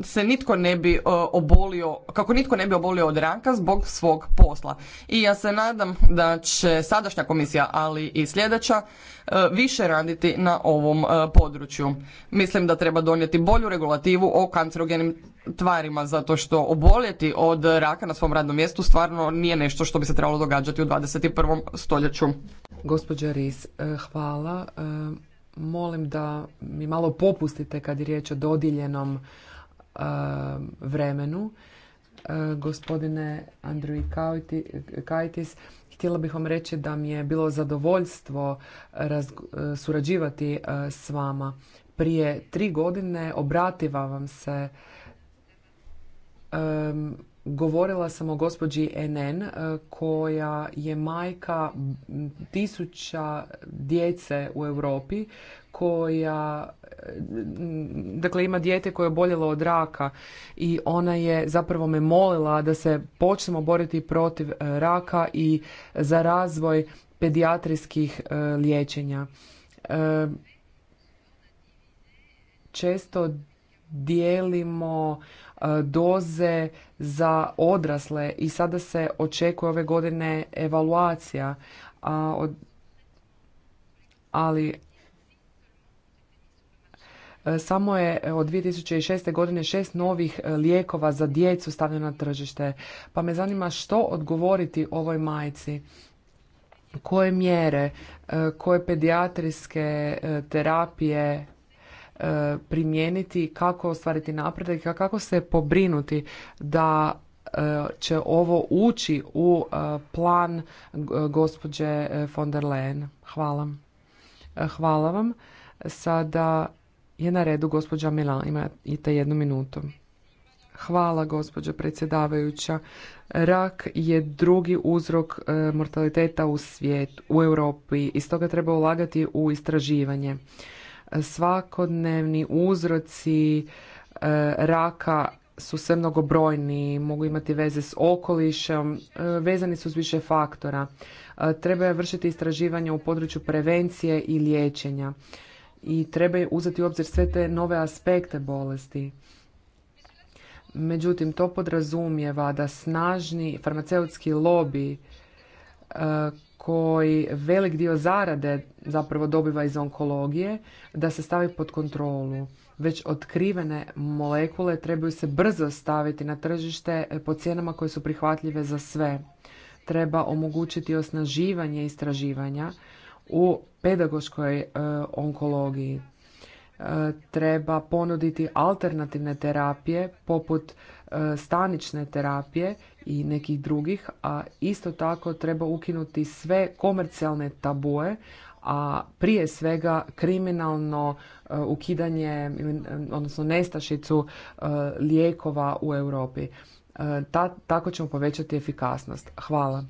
se nitko ne bi e, obolio, kako nitko ne bi obolio od raka zbog svog posla. I ja se nadam da će sadašnja komisija, ali i sljedeća, e, više raditi na ovom e, području. Mislim da treba donijeti bolju regulativu o kancerogenim tvarima, zato što oboljeti od raka na svom radnom mjestu stvarno nije nešto što bi se trebalo događati u 21. stoljeću. Gospođa Ris, hvala. Molim da mi malo popustite kad je riječ o dodijeljenom vremenu. Gospodine Andriji Kajtis, htjela bih vam reći da mi je bilo zadovoljstvo e, surađivati e, s vama. Prije tri godine obrativa vam se e, govorila sam o gospođi NN koja je majka tisuća djece u Europi koja dakle ima dijete koje je oboljelo od raka i ona je zapravo me molila da se počnemo boriti protiv e, raka i za razvoj pedijatrijskih e, liječenja. E, često dijelimo doze za odrasle i sada se očekuje ove godine evaluacija. ali E, samo je e, od 2006. godine šest novih e, lijekova za djecu stavljeno na tržište. Pa me zanima što odgovoriti ovoj majci koje mjere, koje pedijatrijske terapije primijeniti, kako ostvariti napredak, kako se pobrinuti da će ovo ući u plan gospođe von der Leyen. Hvala. Hvala vam. Sada je na redu gospođa Milan. Imate jednu minutu. Hvala gospođo predsjedavajuća. Rak je drugi uzrok e, mortaliteta u svijetu, u Europi i stoga treba ulagati u istraživanje. Svakodnevni uzroci e, raka su sve mnogobrojni, mogu imati veze s okolišem, e, vezani su s više faktora. Treba je vršiti istraživanje u području prevencije i liječenja i treba uzeti u obzir sve te nove aspekte bolesti. Međutim, to podrazumijeva da snažni farmaceutski lobi e, koji velik dio zarade zapravo dobiva iz onkologije, da se stavi pod kontrolu. Već otkrivene molekule trebaju se brzo staviti na tržište e, po cijenama koje su prihvatljive za sve. Treba omogućiti osnaživanje istraživanja u pedagoškoj e, onkologiji e, treba ponuditi alternativne terapije poput e, stanične terapije i nekih drugih, a isto tako treba ukinuti sve komercijalne tabue, a prije svega kriminalno ukidanje, odnosno nestašicu lijekova u Europi. tako ćemo povećati efikasnost. Hvala.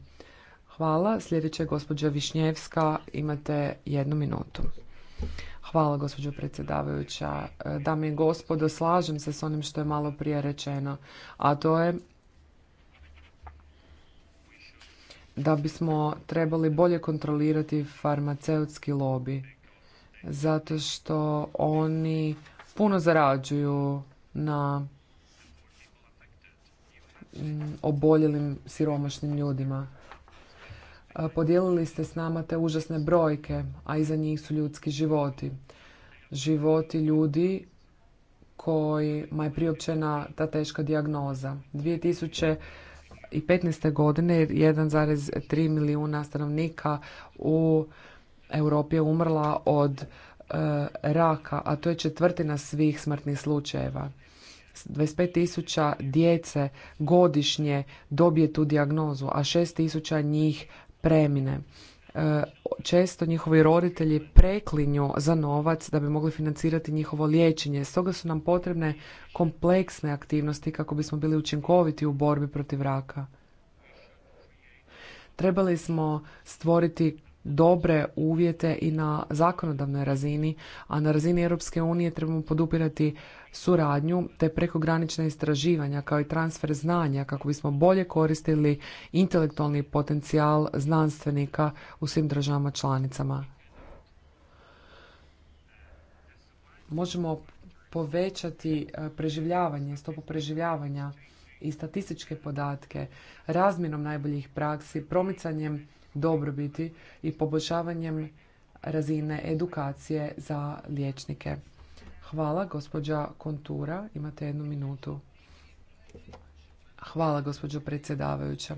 Hvala. Sljedeća je gospođa Višnjevska. Imate jednu minutu. Hvala gospođo predsjedavajuća. E, dame i gospodo, slažem se s onim što je malo prije rečeno, a to je da bismo trebali bolje kontrolirati farmaceutski lobi. zato što oni puno zarađuju na mm, oboljelim siromašnim ljudima. Podijelili ste s nama te užasne brojke, a iza njih su ljudski životi. Životi ljudi kojima je priopćena ta teška dijagnoza. 2015. godine 1,3 milijuna stanovnika u Europi je umrla od e, raka, a to je četvrtina svih smrtnih slučajeva. 25.000 djece godišnje dobije tu dijagnozu, a 6.000 njih premine. E, često njihovi roditelji preklinju za novac da bi mogli financirati njihovo liječenje. Stoga su nam potrebne kompleksne aktivnosti kako bismo bili učinkoviti u borbi protiv raka. Trebali smo stvoriti dobre uvjete i na zakonodavnoj razini, a na razini Europske unije trebamo podupirati suradnju te prekogranična istraživanja kao i transfer znanja kako bismo bolje koristili intelektualni potencijal znanstvenika u svim državama članicama. Možemo povećati e, preživljavanje, stopu preživljavanja i statističke podatke, razmjenom najboljih praksi, promicanjem dobrobiti i poboljšavanjem razine edukacije za liječnike. Hvala, gospođa Kontura. Imate jednu minutu. Hvala, gospođo predsjedavajuća.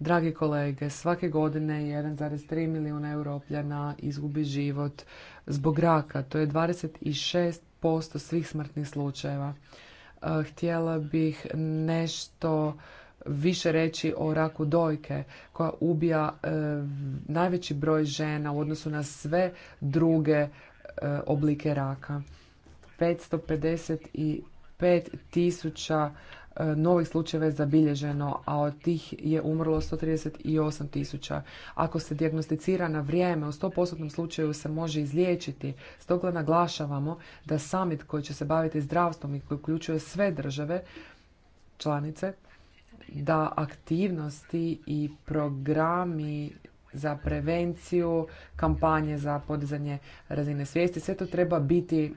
Dragi kolege, svake godine 1,3 milijuna europljana izgubi život zbog raka. To je 26% svih smrtnih slučajeva. Eh, htjela bih nešto više reći o raku dojke koja ubija e, najveći broj žena u odnosu na sve druge e, oblike raka. 555 tisuća e, novih slučajeva je zabilježeno, a od tih je umrlo 138 tisuća. Ako se dijagnosticira na vrijeme, u 100% slučaju se može izliječiti. Stoga naglašavamo da summit koji će se baviti zdravstvom i koji uključuje sve države članice, da aktivnosti i programi za prevenciju, kampanje za podizanje razine svijesti, sve to treba biti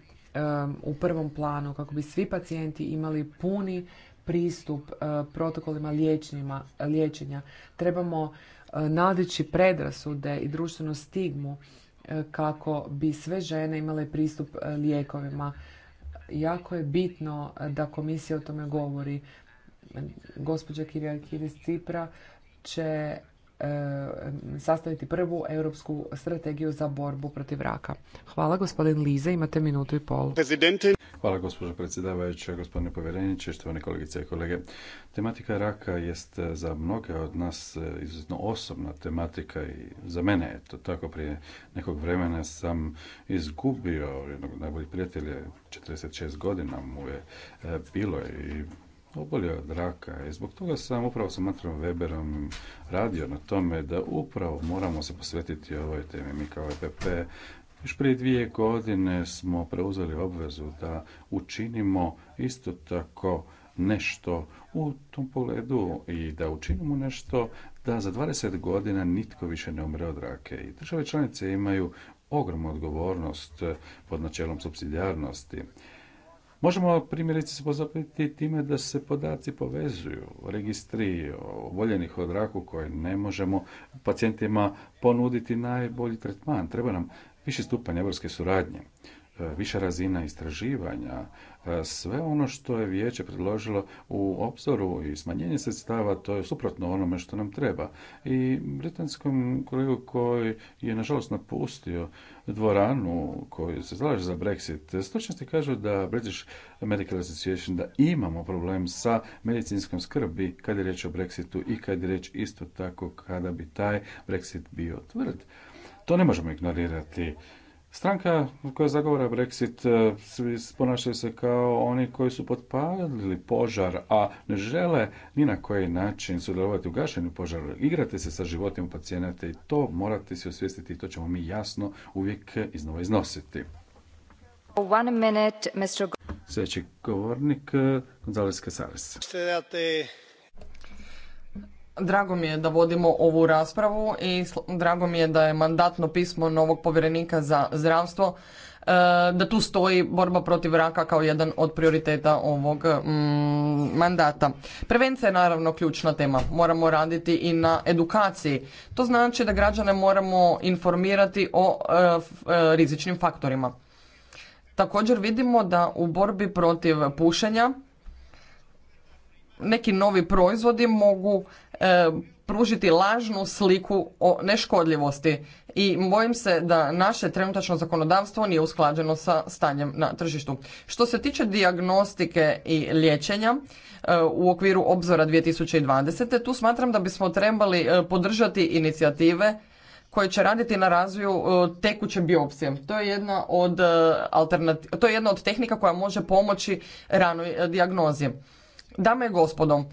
u prvom planu kako bi svi pacijenti imali puni pristup eh, protokolima liječnjima, liječenja. Trebamo uh, nadići predrasude i društvenu stigmu eh, kako bi sve žene imale pristup lijekovima. Jako je bitno da komisija o tome govori gospođa kiris Cipra će e, sastaviti prvu europsku strategiju za borbu protiv raka. Hvala gospodin Lize, imate minutu i pol. Hvala gospođo predsjedavajuća, gospodine povjereniče, štovane kolegice i kolege. Tematika raka jest e, za mnoge od nas e, izuzetno osobna tematika i za mene je to tako. Prije nekog vremena sam izgubio jednog najboljih prijatelja, 46 godina mu je bilo i obolio od raka i zbog toga sam upravo sa Matrom Weberom radio na tome da upravo moramo se posvetiti ovoj temi. Mi kao EPP još prije dvije godine smo preuzeli obvezu da učinimo isto tako nešto u tom pogledu i da učinimo nešto da za 20 godina nitko više ne umre od rake. I države članice imaju ogromnu odgovornost pod načelom subsidijarnosti. Možemo primjerice se pozabaviti time da se podaci povezuju, registri oboljenih od raku koje ne možemo pacijentima ponuditi najbolji tretman. Treba nam više stupanja evropske suradnje, e, više razina istraživanja, E, sve ono što je vijeće predložilo u obzoru i smanjenje sredstava, to je suprotno onome što nam treba. I britanskom kolegu koji je nažalost napustio dvoranu koji se zalaže za Brexit, stručnosti kažu da British Medical Association da imamo problem sa medicinskom skrbi kad je riječ o Brexitu i kad je riječ isto tako kada bi taj Brexit bio tvrd. To ne možemo ignorirati. Stranka koja zagovara Brexit e, ponašaju se kao oni koji su potpalili požar, a ne žele ni na koji način sudjelovati u gašenju požara. Igrate se sa životima pacijenata i to morate se osvijestiti i to ćemo mi jasno uvijek iznova iznositi. One Sljedeći govornik, e, Gonzales Casares. Drago mi je da vodimo ovu raspravu i drago mi je da je mandatno pismo novog povjerenika za zdravstvo e, da tu stoji borba protiv raka kao jedan od prioriteta ovog mm, mandata. Prevencija je naravno ključna tema. Moramo raditi i na edukaciji. To znači da građane moramo informirati o e, e, rizičnim faktorima. Također vidimo da u borbi protiv pušenja neki novi proizvodi mogu e, pružiti lažnu sliku o neškodljivosti i bojim se da naše trenutačno zakonodavstvo nije usklađeno sa stanjem na tržištu. Što se tiče dijagnostike i liječenja e, u okviru obzora 2020. tu smatram da bismo trebali e, podržati inicijative koje će raditi na razvoju tekuće biopsije. To je jedna od, to je jedna od tehnika koja može pomoći ranoj dijagnozi. Dame i gospodo, e,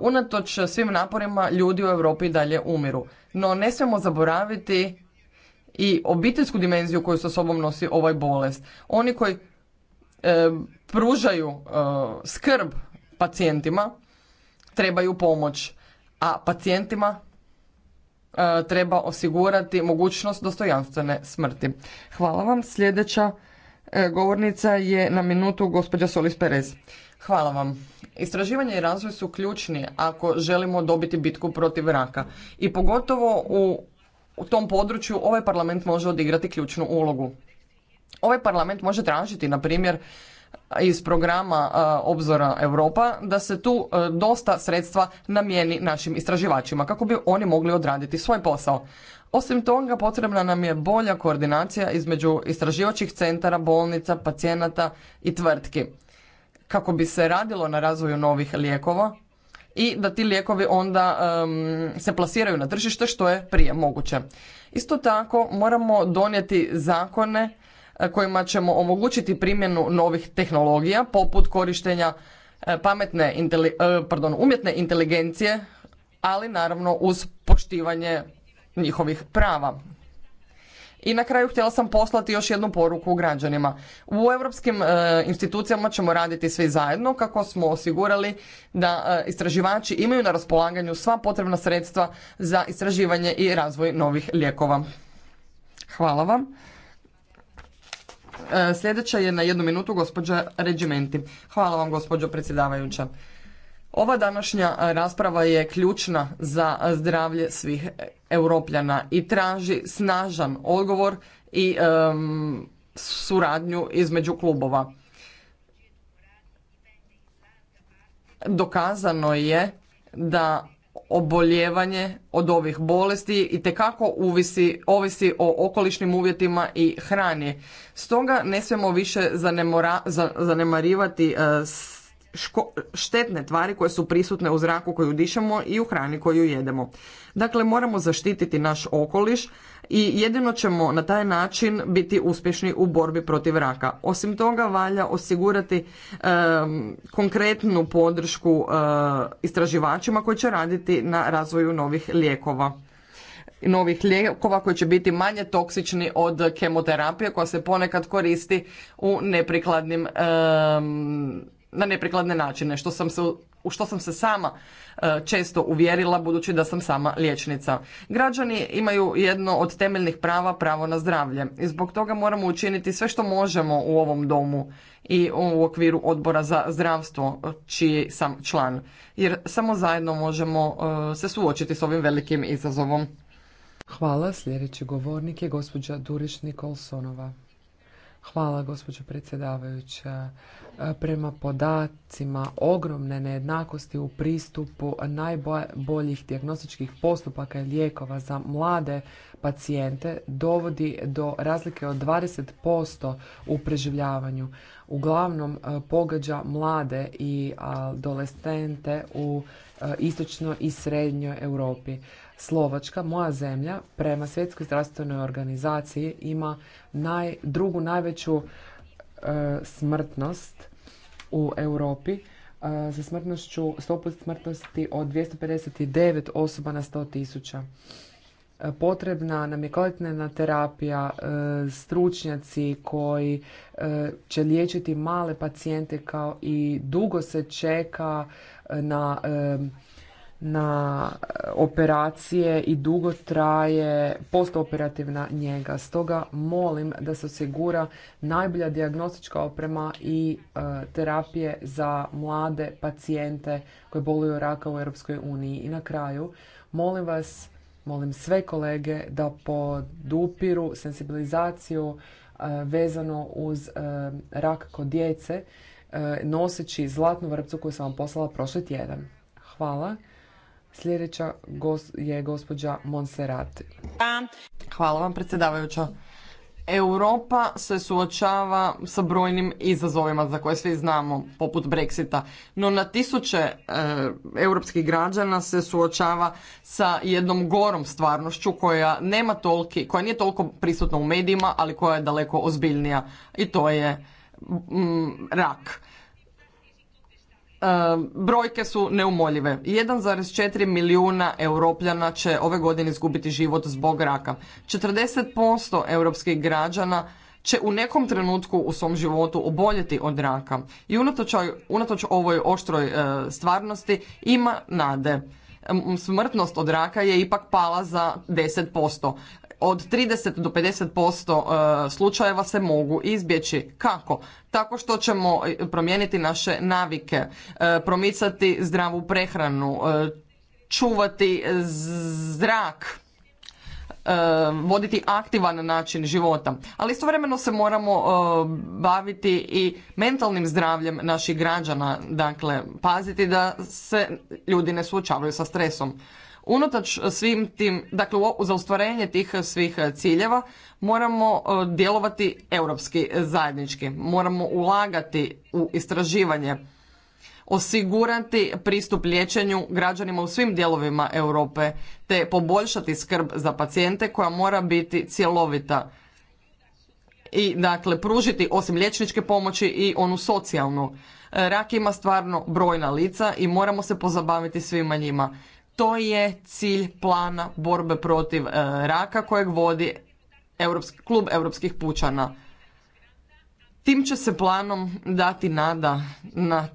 unatoč svim naporima ljudi u Europi dalje umiru, no ne smijemo zaboraviti i obiteljsku dimenziju koju sa sobom nosi ovaj bolest. Oni koji e, pružaju e, skrb pacijentima trebaju pomoć, a pacijentima treba osigurati mogućnost dostojanstvene smrti. Hvala vam. Sljedeća govornica je na minutu gospođa Solis Perez. Hvala vam. Istraživanje i razvoj su ključni ako želimo dobiti bitku protiv raka. I pogotovo u, tom području ovaj parlament može odigrati ključnu ulogu. Ovaj parlament može tražiti, na primjer, iz programa Obzora Europa da se tu dosta sredstva namijeni našim istraživačima kako bi oni mogli odraditi svoj posao. Osim toga potrebna nam je bolja koordinacija između istraživačkih centara, bolnica, pacijenata i tvrtki kako bi se radilo na razvoju novih lijekova i da ti lijekovi onda se plasiraju na tržište što je prije moguće. Isto tako moramo donijeti zakone e, kojima ćemo omogućiti primjenu novih tehnologija poput korištenja e, pametne, e, pardon, umjetne inteligencije, ali naravno uz poštivanje njihovih prava. I na kraju htjela sam poslati još jednu poruku građanima. U europskim e, institucijama ćemo raditi svi zajedno kako smo osigurali da e, istraživači imaju na raspolaganju sva potrebna sredstva za istraživanje i razvoj novih lijekova. Hvala vam. E, sljedeća je na jednu minutu gospođa Regimenti. Hvala vam gospođo predsjedavajuća. Ova današnja rasprava je ključna za zdravlje svih europljana i traži snažan odgovor i suradnju između klubova. Dokazano je da oboljevanje od ovih bolesti i tekako ovisi o okolišnim uvjetima i hrani. Stoga ne smijemo više zanemarivati zanemarivati štetne tvari koje su prisutne u zraku koju dišemo i u hrani koju jedemo. Dakle, moramo zaštititi naš okoliš i jedino ćemo na taj način biti uspješni u borbi protiv raka. Osim toga, valja osigurati konkretnu podršku eh, istraživačima koji će raditi na razvoju novih lijekova novih lijekova koji će biti manje toksični od kemoterapije koja se ponekad koristi u neprikladnim na neprikladne načine, što sam se, u što sam se sama e, često uvjerila budući da sam sama liječnica. Građani imaju jedno od temeljnih prava, pravo na zdravlje i zbog toga moramo učiniti sve što možemo u ovom domu i u okviru odbora za zdravstvo čiji sam član. Jer samo zajedno možemo e, se suočiti s ovim velikim izazovom. Hvala. Sljedeći govornik je gospođa Duriš Nikolsonova. Hvala, gospođo predsjedavajuća. E, prema podacima ogromne nejednakosti u pristupu najboljih dijagnostičkih postupaka i lijekova za mlade pacijente dovodi do razlike od 20% u preživljavanju. Uglavnom e, pogađa mlade i adolescente u e, istočnoj i srednjoj Europi. Slovačka, moja zemlja, prema Svjetskoj zdravstvenoj organizaciji ima drugu najveću e, smrtnost u Europi e, sa smrtnošću, stopu smrtnosti od 259 osoba na 100 tisuća. E, potrebna nam je kvalitetna terapija, e, stručnjaci koji će liječiti male pacijente kao i dugo se čeka na na eh, operacije i dugo traje postoperativna njega. Stoga molim da se osigura najbolja dijagnostička oprema i eh, terapije za mlade pacijente koji boluju raka u Europskoj uniji. I na kraju molim vas, molim sve kolege da podupiru sensibilizaciju eh, vezano uz rak kod djece noseći zlatnu vrpcu koju sam vam poslala prošli tjedan. Hvala. Sljedeća je gospođa Monserrat. Hvala vam predsjedavajuća. Europa se suočava sa brojnim izazovima za koje svi znamo, poput Brexita. No na tisuće e, europskih građana se suočava sa jednom gorom stvarnošću koja nema toliki, koja nije toliko prisutna u medijima, ali koja je daleko ozbiljnija i to je rak. E, brojke su neumoljive. 1,4 milijuna europljana će ove godine izgubiti život zbog raka. 40% europskih građana će u nekom trenutku u svom životu oboljeti od raka. I unatoč, ovoj oštroj e, stvarnosti ima nade smrtnost od raka je ipak pala za 10% od 30 do 50% e, slučajeva se mogu izbjeći. Kako? Tako što ćemo e, promijeniti naše navike, e, promicati zdravu prehranu, čuvati zrak, voditi aktivan način života. Ali istovremeno se moramo baviti i mentalnim zdravljem naših građana, dakle paziti da se ljudi ne suočavaju sa stresom. Unatoč svim tim, dakle za ostvarenje tih eh, svih eh, ciljeva moramo eh, djelovati europski zajednički, moramo ulagati u istraživanje, osigurati pristup liječenju građanima u svim dijelovima Europe te poboljšati skrb za pacijente koja mora biti cjelovita i dakle pružiti osim liječničke pomoći i onu socijalnu. Rak ima stvarno brojna lica i moramo se pozabaviti svima njima to je cilj plana borbe protiv e, raka kojeg vodi klub europskih pučana. Tim će se planom dati nada na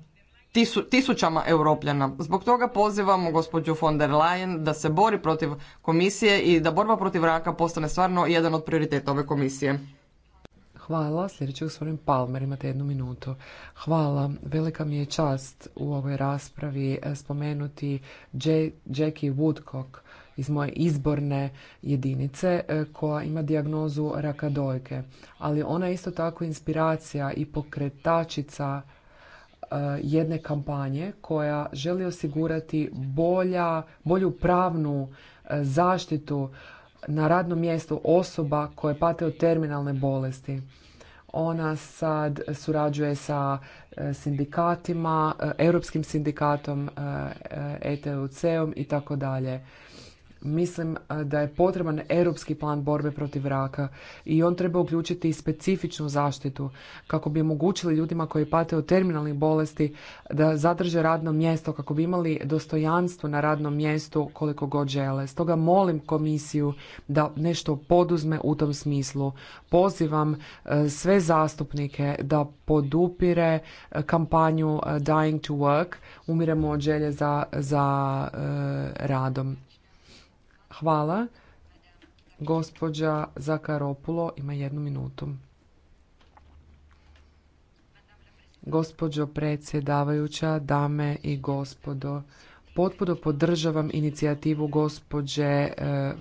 tisućama europljana. Zbog toga pozivamo gospođu von der Leyen da se bori protiv komisije i da borba protiv raka postane stvarno jedan od prioriteta ove komisije. Hvala. Sljedeći svojim Palmer, imate jednu minutu. Hvala. Velika mi je čast u ovoj raspravi e, spomenuti Jackie Woodcock iz moje izborne jedinice e, koja ima dijagnozu raka dojke. Ali ona je isto tako inspiracija i pokretačica e, jedne kampanje koja želi osigurati bolja, bolju pravnu zaštitu na radnom mjestu osoba koja pate od terminalne bolesti. Ona sad surađuje sa e, sindikatima, e, Europskim sindikatom, ETUC-om e, i tako dalje. Mislim da je potreban europski plan borbe protiv raka i on treba uključiti i specifičnu zaštitu kako bi omogućili ljudima koji pate od terminalnih bolesti da zadrže radno mjesto, kako bi imali dostojanstvo na radnom mjestu koliko god žele. Stoga molim komisiju da nešto poduzme u tom smislu. Pozivam sve zastupnike da podupire kampanju Dying to Work, umiremo od želje za, radom. Hvala. Gospođa Zakaropulo ima jednu minutu. Gospođo predsjedavajuća, dame i gospodo, potpuno podržavam inicijativu gospođe e,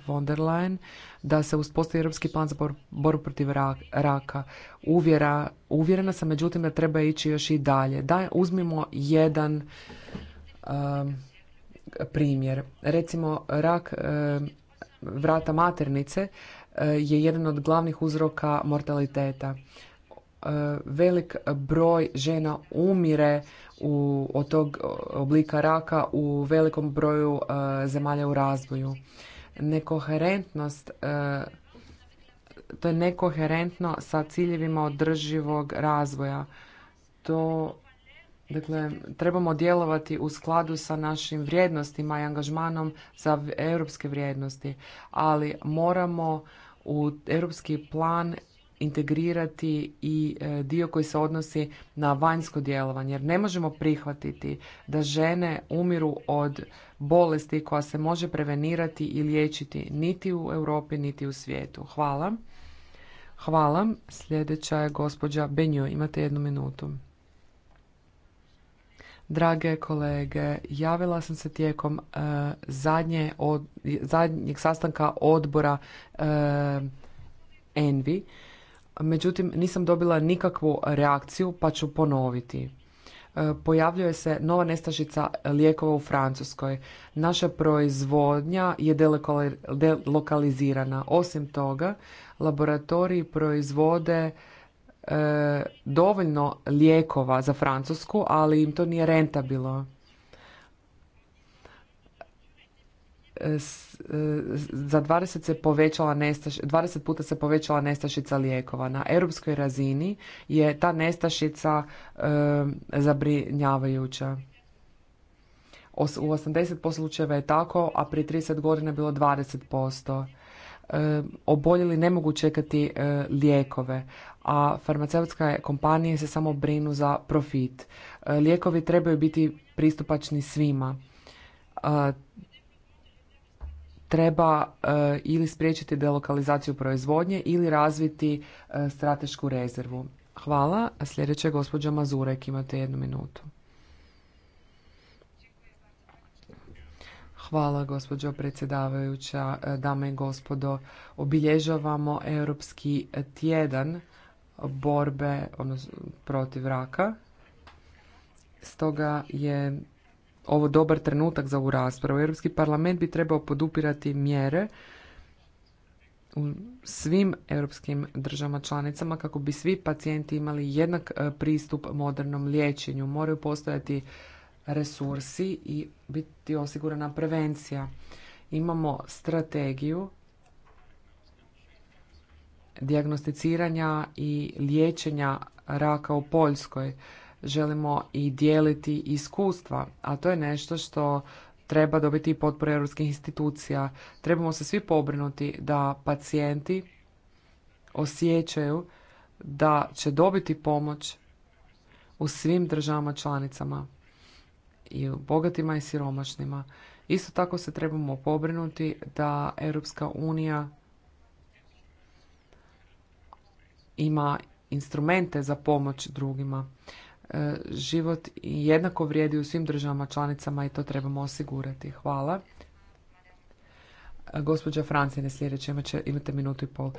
von der Leyen da se uspostavi europski plan za borbu protiv raka. uvjerena sam međutim da treba ići još i dalje. Da uzmimo jedan e, primjer. Recimo, rak e, vrata maternice e, je jedan od glavnih uzroka mortaliteta. E, velik broj žena umire u, od tog oblika raka u velikom broju zemalja u razvoju. Nekoherentnost to je nekoherentno sa ciljevima održivog razvoja. To Dakle, trebamo djelovati u skladu sa našim vrijednostima i angažmanom za europske vrijednosti, ali moramo u europski plan integrirati i e, dio koji se odnosi na vanjsko djelovanje jer ne možemo prihvatiti da žene umiru od bolesti koja se može prevenirati i liječiti niti u Europi niti u svijetu. Hvala. Hvala. Sljedeća je gospođa Benjo. Imate jednu minutu. Drage kolege, javila sam se tijekom e, zadnje od, zadnjeg sastanka odbora e, Envi, međutim nisam dobila nikakvu reakciju pa ću ponoviti. E, pojavljuje se nova nestašica lijekova u Francuskoj. Naša proizvodnja je delokalizirana. Osim toga, laboratoriji proizvode E, dovoljno lijekova za Francusku, ali im to nije rentabilo. E, e, za 20 se povećala nestaš, 20 puta se povećala nestašica lijekova. Na europskoj razini je ta nestašica zabrinjavajuća. U 80% slučajeva je tako, a prije 30 godina je bilo 20%. Eh, oboljeli ne mogu čekati eh, lijekove, a farmaceutske kompanije se samo brinu za profit. Eh, lijekovi trebaju biti pristupačni svima. Treba ili spriječiti delokalizaciju proizvodnje ili razviti stratešku rezervu. Hvala. A sljedeća je gospođa Mazurek. Imate jednu minutu. Hvala gospođo predsjedavajuća, e, dame i gospodo. Obilježavamo Europski tjedan borbe odnosno, protiv raka. Stoga je ovo dobar trenutak za ovu raspravu. Europski parlament bi trebao podupirati mjere u svim europskim državama članicama kako bi svi pacijenti imali jednak e, pristup modernom liječenju. Moraju postojati resursi i biti osigurana prevencija. Imamo strategiju dijagnosticiranja i liječenja raka u Poljskoj. Želimo i dijeliti iskustva, a to je nešto što treba dobiti i potporu europskih institucija. Trebamo se svi pobrinuti da pacijenti osjećaju da će dobiti pomoć u svim državama članicama i bogatima i siromašnima. Isto tako se trebamo pobrinuti da Europska unija ima instrumente za pomoć drugima. E, život jednako vrijedi u svim državama članicama i to trebamo osigurati. Hvala. E, gospođa Francine sljedeća, imate minutu i pol.